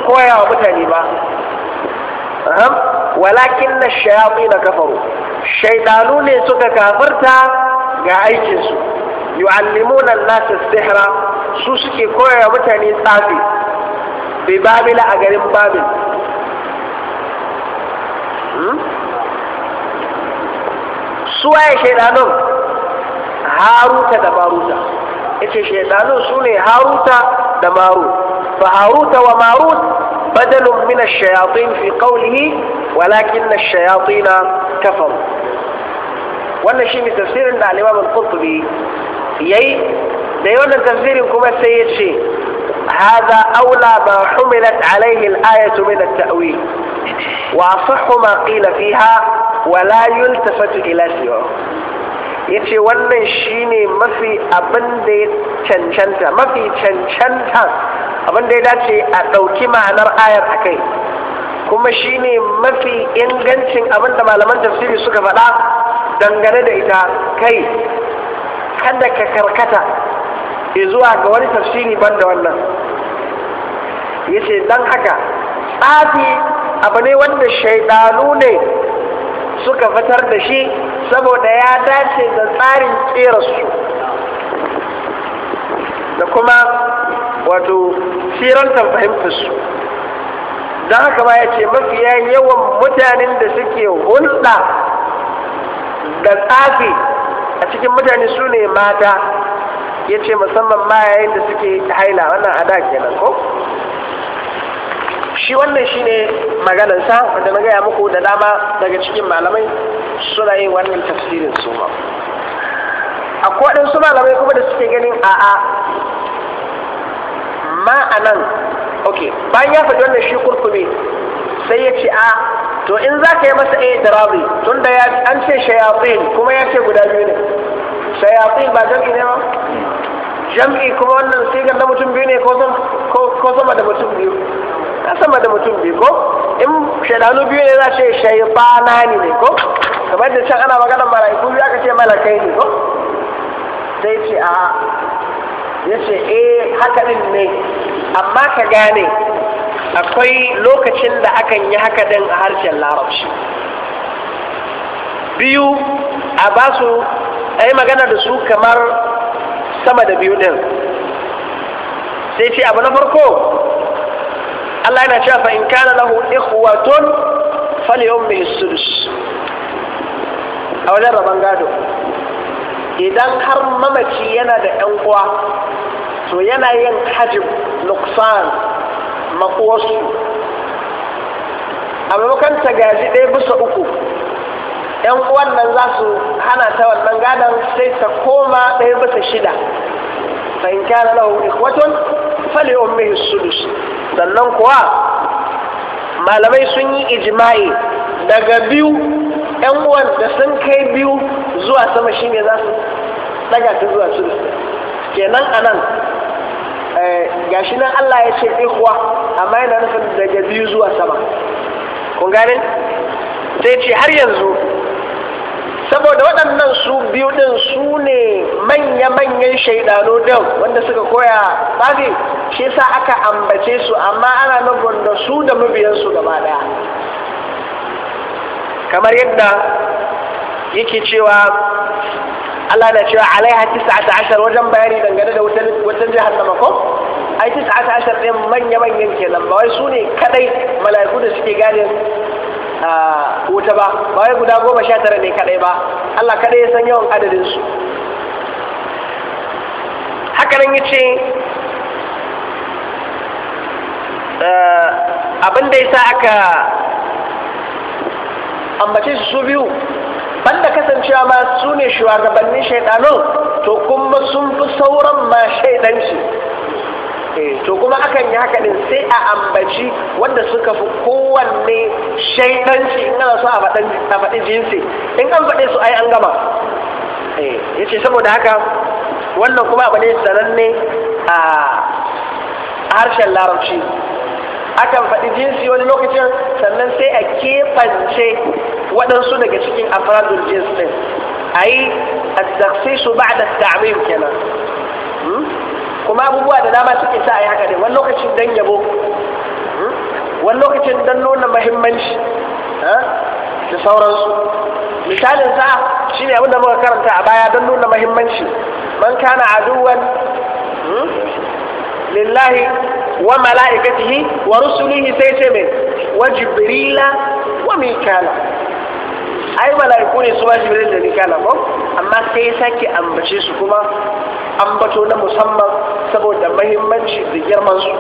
koya wa mutane ba walakin na shayafi na kafaru shaidanu ne suka kafarta ga aikinsu yu'allimuna nasu sihra su suke koya mutane tsafi bi babila a garin babil hmm? suwaye shaidanun haruta da maruta yace shaidanun su ne haruta da maru? fa haruta wa marut badalun mina ash fi qawlihi walakin na shayatin kafaru wannan shine tafsirin da al-imam al yayi da yawan tafsirin kuma sai ya ce. هذا أولى ما حملت عليه الآية من التأويل وأصح ما قيل فيها ولا يلتفت إلى سواه yace wannan shine mafi abin da ya cancanta mafi cancanta abin da ya dace a ɗauki ma'anar ayar a kai kuma shine mafi ingancin abin da malaman tafsiri suka faɗa dangane da ita kai kada ka karkata zuwa ga wani tafsiri ban da wannan yace dan haka tsafi abu ne wanda shaidanu ne suka fitar da shi saboda ya dace da tsarin su da kuma wato sirantar fahimtarsu don haka ba ya ce mafiya yawan mutanen da suke hulɗa da tsafi a cikin mutane su ne mata ya ce musamman ma yayin da suke haila wannan ada kenan ko? shi wannan ne maganansa wanda na gaya muku da dama daga cikin malamai suna yin wannan tafsirin su ma akwai waɗansu malamai kuma da suke ganin a'a ma'anan ok bayan ya faɗi wannan shi kurkume sai ya ce a to in za ka yi masa a rabi tun da an ce shayafin kuma ya ce guda biyu ne shayafin ba jam'i ne ba jam'i kuma wannan sigar na mutum biyu ne ko sama da mutum biyu na sama da mutum bai. ko in shaidanu biyu ne za ce shaifanani ne ko kamar da can ana maganar mala'iku biyu aka ce malakai ne ko sai ce a ya ce eh haka din ne amma ka gane akwai lokacin da akan yi haka din a harshen larabci biyu a ba su a yi magana da su kamar sama da biyu din sai ce abu na farko Allah yana cewa fa in kana lahu ikhwatun falyummi sudus a wajen rabon gado idan har mamaci yana da yan uwa to yana yin hajib nuksan makosu a maimakon ta gaji ɗaya bisa uku yan uwan nan za su hana ta wannan gadon sai ta koma ɗaya bisa shida fa in kana lahu ikhwatun falyummi sudus sannan kuwa malamai sun yi ijima'i daga biyu yan uwan da sun kai biyu zuwa sama shi ne za su daga ta zuwa su kenan anan eh, gashi nan Allah ya ce ikuwa amma yana nufin daga biyu zuwa sama kun gane sai ce har yanzu saboda waɗannan su biyu ɗin su ne manya-manyan shaidanu ɗin wanda suka koya tsafi shi sa aka ambace su amma ana nufin da su da mabiyansu gaba ɗaya kamar yadda yake cewa Allah na cewa alaiha tis'ata ashar wajen bayani dangane da wutan da mako ai tis'ata ashar ɗin manya-manyan kenan ba wai su ne kadai mala'iku da suke gane wuta ba ba wai guda goma sha tara ne kadai ba Allah kadai ya san yawan adadin su haka nan yace eh, abin da yasa aka ambace su su biyu banda kasancewa ma su ne shugabannin shaidanun to kuma sun fi sauran ma shaidanci Eh, to kuma akan yi haka din sai a ambaci wanda suka fi kowanne shaidanci in ana so a faɗi jinsi in an faɗe su ai an gama eh, ya ce saboda haka wannan kuma abu ne sananne a harshen larabci akan faɗi jinsi wani lokacin sannan sai a kefance waɗansu daga cikin afradun jinsi a yi a su ba da kenan hmm? kuma abubuwa da dama suke sa a yi haka ne wani lokacin dan yabo hmm? wani lokacin don nuna mahimmanci eh? da sauransu misalin sa shi abin da muka karanta a baya don nuna mahimmanci man kana aduwan hmm? lillahi wa mala'ikatihi wa rusulihi sai ce mai wa jibrila wa mikala ai mala'iku ne su ba jibrila da mikala ko amma sai ya sake ambace su kuma ambato na musamman saboda mahimmanci da girman su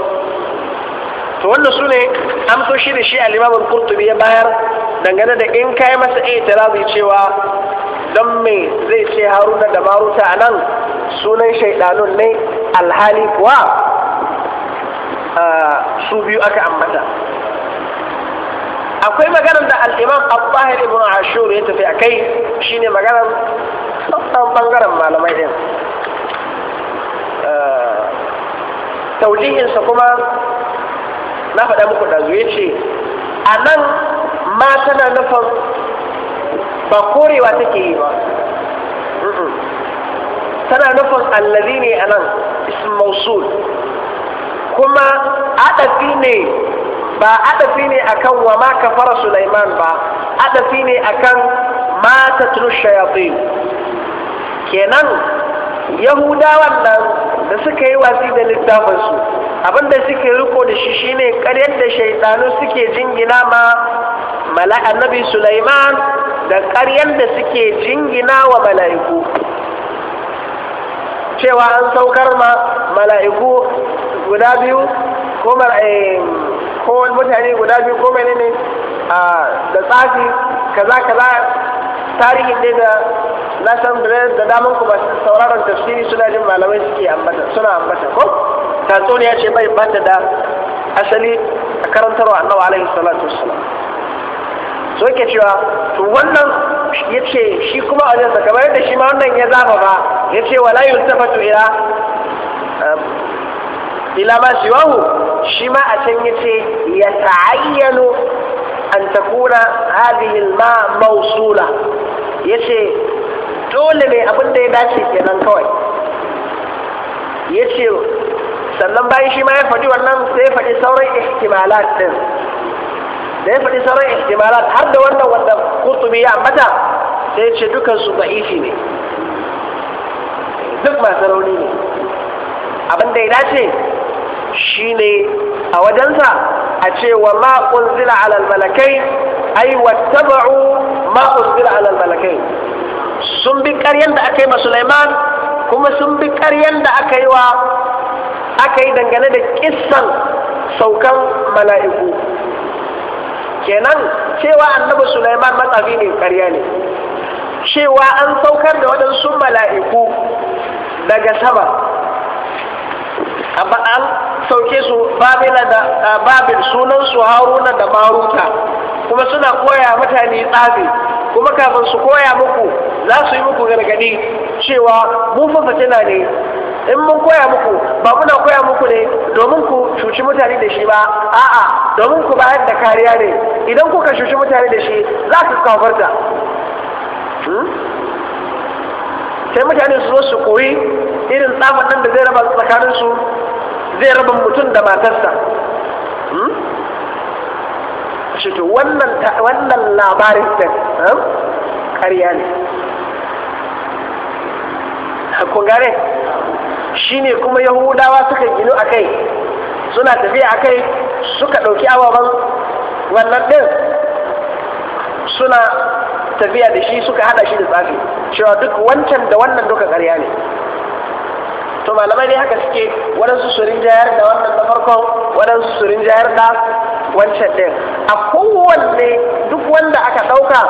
to wannan su ne amsoshi da shi al-imam al ya bayar dangane da in kai masa i'tirazi cewa don me zai ce haruna da maruta anan sunan shaidanun ne alhali kuwa su biyu aka ambata akwai maganar da al'imam abbahir ibn ashur ya tafi a kai shine maganar sauran bangaren malamai din taujihinsa kuma na faɗa muku ɗazu ya ce a nan ma tana nufin ba korewa take yi ba tana nufin allazi ne a nan ism mausul kuma adafi ne ba adafi ne akan wa ma fara sulaiman ba adafi ne akan ma tunu shayafi kenan yahudawan nan da suka yi watsi da littafinsu abinda suke riko da shi shine karyar da shaitanu suke jingina ma mala nabi Sulaiman da karyar da suke jingina wa mala'iku cewa an saukar ma mala'iku guda biyu ko eh, mutane guda biyu ko ne ah, da tsafi kaza kaza tarihin da na san da daman ku masu sauraron tafsiri suna jin malamai suke ambata suna ambata ko tatsuniya ce bai bata da asali a karantarwa annabi alaihi salatu wassalam so yake cewa to wannan yace shi kuma a jinsa kamar yadda shi ma wannan ya zaba ba yace wala yuntafatu ila um, ila ma siwahu shi ma a can yace ya ta'ayyanu an takuna hadhihi al-ma mawsula yace dole mai abin da ya dace kenan kawai ya ce sannan bayan shi ma ya faɗi wannan sai ya faɗi sauran ihtimalat ɗin da ya faɗi sauran ihtimalat har da wannan wanda kutubi ya ambata sai ya ce dukansu ba'ifi ne duk masu rauni ne abin da ya dace shi ne a wajensa a ce wa ma unzila alal malakai ai taba'u ma unzila alal malakai sun bi karyar da aka yi ma kuma sun bi karyar da aka yi wa aka yi dangane da kissan saukan mala'iku kenan cewa annabi Sulaiman matsafi ne karya ne cewa an saukar da waɗansu mala'iku daga sama an sauke su babin babil sunan su haruna da maruta kuma suna koya mutane tsafi kuma kafin su koya muku za su yi muku gargadi cewa mun fa na ne in mun koya muku ba muna koya muku ne domin ku cuci mutane da shi ba a'a domin ku bayar da kariya ne idan kuka cuci mutane da shi za su kafarta hmm? sai mutane su zo su koyi irin tsafan nan da zai raba tsakaninsu zai raba mutum da matarsa hmm? wannan labarin ɗin ƙarya hmm? ne kun gane shine kuma yahudawa suka gino a kai suna tafiya a kai suka ɗauki ababen wannan ɗin suna tafiya da shi suka hada shi da tsafi cewa duk wancan da wannan duka ƙarya ne to malamai dai haka suke waɗansu su rinjayar da wannan na farkon waɗansu su rinjayar da wancan ɗin a kowanne duk wanda aka ɗauka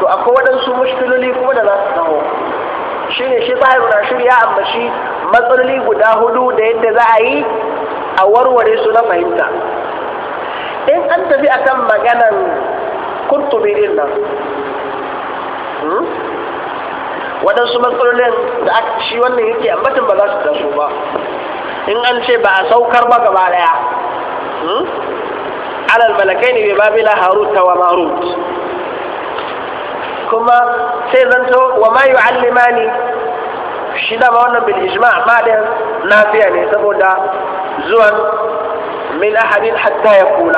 to akwai waɗansu mushkiloli kuma da za su samu? ne shi tsarin shirya, ya ambaci matsaloli guda hudu da yadda za a yi a warware su na fahimta in an tafi akan maganan kurtubi din nan hmm? waɗansu matsalolin da aka shi wannan yake ambatin ba za su taso ba in an ce ba a saukar ba gaba ɗaya hmm? alal malakai ne bai babila harut wa marut كما سيدنتو وما يعلماني شدا ما هو بالإجماع ما له نافع يعني سبودا زوان من أحد حتى يقول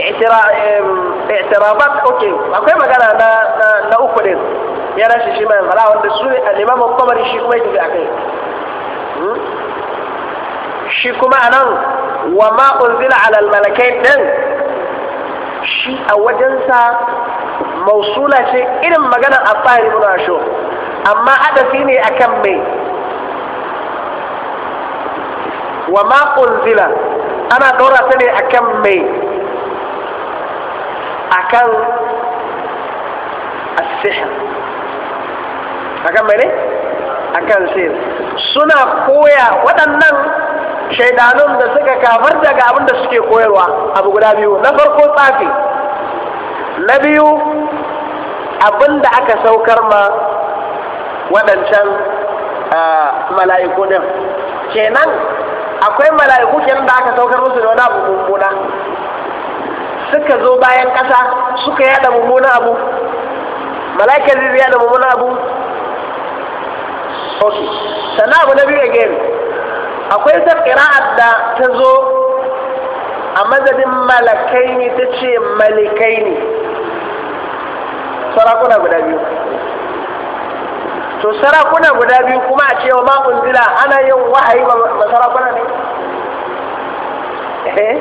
اعتراف اعترافات اوكي اكو ما كان انا لا لا اوكلين يا راشي شي ما لا وند سوي الامام الطبري شي كما يجي اكاي شي كما انا وما انزل على الملكين ده shi a wajensa mausula ce irin maganar afari muna sho amma adafi ne akan mai wa ma unzila ana ɗora ta ne akan mai akan a kan mai ne akan sihir suna koya waɗannan shaidanun da suka kafar daga abin da suke koyarwa abu guda biyu na farko tsafi na biyu abin da aka saukar ma waɗancan mala'iku ɗin kenan akwai mala'iku kenan da aka saukar musu da wani abu mummuna suka zo bayan ƙasa suka yada mummuna abu mala'ikar zai yada mummuna abu sosu sannan abu na biyu again akwai ta ƙira'ar da ta zo a mazabin malakai ne ta ce malikai ne sarakuna guda biyu to sarakuna guda biyu kuma a cewa ma unzila ana yin wahayi ma sarakuna ne eh.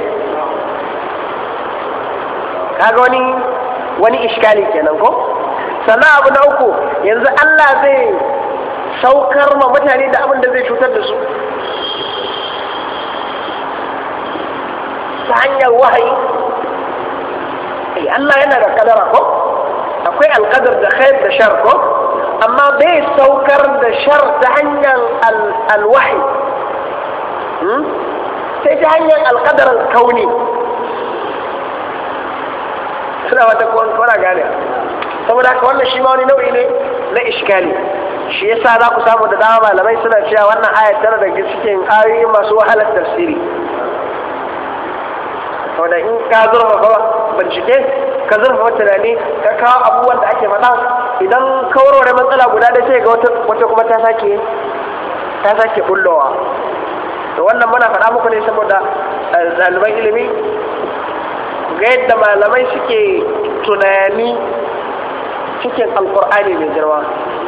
kaga wani wani iskali kenan ko sannan abu na uku yanzu Allah zai saukar ma mutane da abin da zai cutar da su ta hanyar wahayi eh Allah yana da kadara ko akwai alkadar da khair da shar ko amma bai saukar da shar ta hanyar alwahi sai ta hanyar alkadar kauni suna wata kwana gane saboda haka wannan shi ma wani nau'i ne na iskali shi yasa za ku samu da dama malamai suna cewa wannan ayat tana daga cikin ayoyi masu wahalar tafsiri wanda in ka zurfafa bincike ka zurfafa tunani ka kawo abubuwan da ake faɗa idan ka warware matsala guda da ce ga wata kuma ta sake ta sake bullowa to wannan muna faɗa muku ne saboda zaluman eh, ilimi ga yadda malamai suke tunani cikin alkur'ani mai girma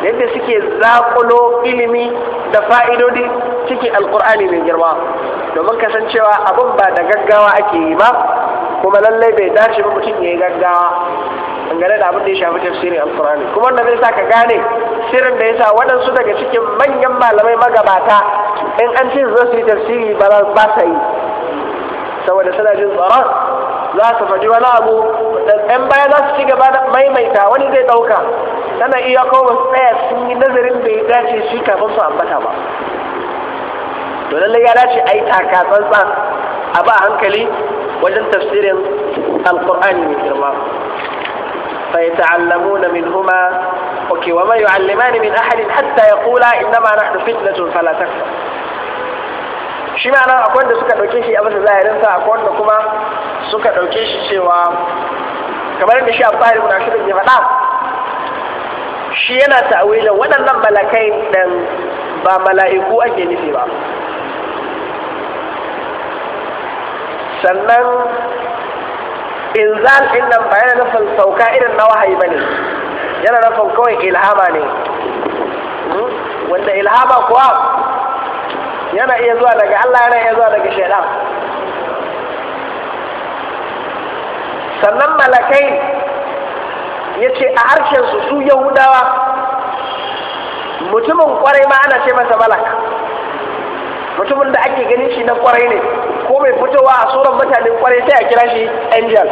yadda suke zakulo ilimi da fa'idodi cikin alkur'ani mai girma domin kasancewa abin ba da gaggawa ake yi ba kuma lallai bai dace ba mutum ya yi gaggawa dangane da abin da ya shafi tafsirin alkur'ani kuma wanda zai sa ka gane sirrin da ya sa waɗansu daga cikin manyan malamai magabata in an ce za su yi tafsiri ba sa yi saboda suna jin tsaron za su faɗi wani abu ɗan baya za su ci gaba da maimaita wani zai ɗauka tana iya kawo su tsaya sun yi nazarin da ya dace shi kafin su ambata ba to lallai ya dace a yi taka tsantsan a ba hankali wajen tafsirin alkur'ani mai girma fa ya ta'allamuna min huma okay wa ma yu'allimani min ahadin hatta yaqula innama nahnu fitnatun fala takfur shi ma nan akwai wanda suka ɗauke shi a masa sa akwai wanda kuma suka ɗauke shi cewa kamar da shi a tsarin na shirin ya faɗa shi yana ta'awilin waɗannan malakai ɗin ba mala'iku ake nufi ba sannan inzal ɗin nan ba yana nufin sauka irin na wahayi ba ne yana nufin kawai ilhama ne hmm? wanda ilhama kuwa yana iya zuwa daga Allah yana iya zuwa daga shaidan sannan malakai ya ce a harshensu su yahudawa mutumin kwarai ma ana ce masa malak mutumin da ake ganin shi na kwarai ne ko mai fitowa a tsoron mutanen kwarai sai a kira shi angel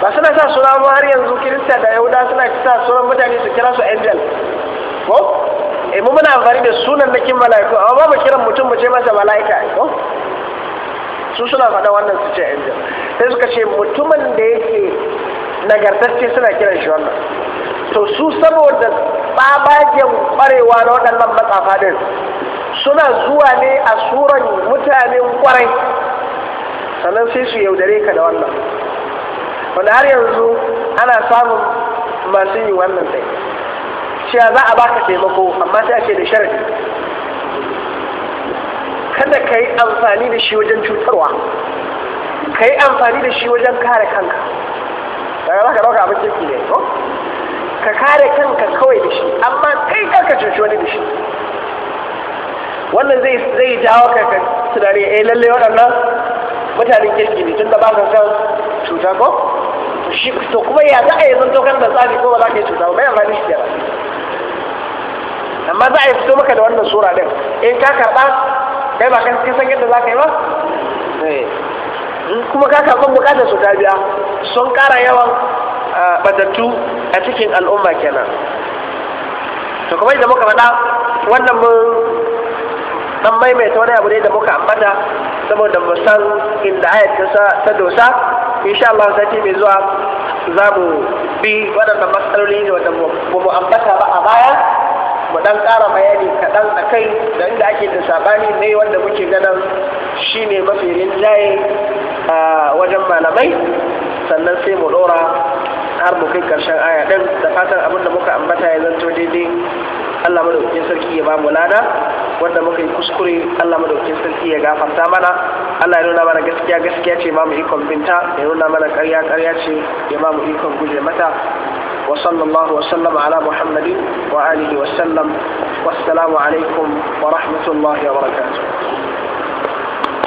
ba suna sa suna ba har yanzu kirista da yahuda suna sa tsoron mutane su kira su angel ko eh mu muna amfani da sunan na kin mala'iku amma ba mu kiran mutum mu ce masa mala'ika ko su suna faɗa wannan su ce angel sai suka ce mutumin da yake nagartacce suna kiran shi wannan to su saboda tsabagen kwarewa na waɗannan matsafa din suna zuwa ne a suran mutanen kwarai sannan sai su yaudare ka da wannan wanda har yanzu ana samun masu yi wannan ɗai cewa za a baka taimako amma sai ce da sharadi kada ka yi amfani da shi wajen cutarwa ka yi amfani da shi wajen kare kanka daga za ka ɗauka abin kirki ne ko ka kare kanka kawai da shi amma kai karka cuci wani da shi wannan zai zai jawo ka tunani eh lalle waɗannan mutanen kirki ne tun da ba ka san cuta ko shi to kuma ya za a yi zanto kan da tsari ko ba za ka yi cuta ba bai amfani shi kenan amma za a yi fito maka da wannan sura ɗin, in ka karɓa kai ba ka san yadda za ka yi ba eh. kuma ka karɓar bukatar su tabiya sun kara yawan batattu a cikin al'umma kenan to kuma da muka faɗa wannan mun dan maimaita wani abu ne da muka ambata saboda mu san inda ayat ta dosa insha Allah sati mai zuwa za mu bi waɗannan matsaloli da wanda mu ambata ba a baya mu dan ƙara bayani kaɗan a kai da inda ake da sabani ne wanda muke ganin shine mafi rinjaye a wajen malamai sannan sai mu ɗora har mu kai ƙarshen aya ɗin da fatan abin da muka ambata ya zanto daidai Allah madaukakin sarki ya bamu lada wanda muka yi kuskure Allah madaukakin sarki ya gafarta mana Allah ya nuna mana gaskiya gaskiya ce ba mu ikon binta ya nuna mana ƙarya ƙarya ce ya ba mu ikon guje mata wa sallallahu wa sallama ala muhammadi wa alihi wa sallam wassalamu alaikum wa rahmatullahi wa barakatuh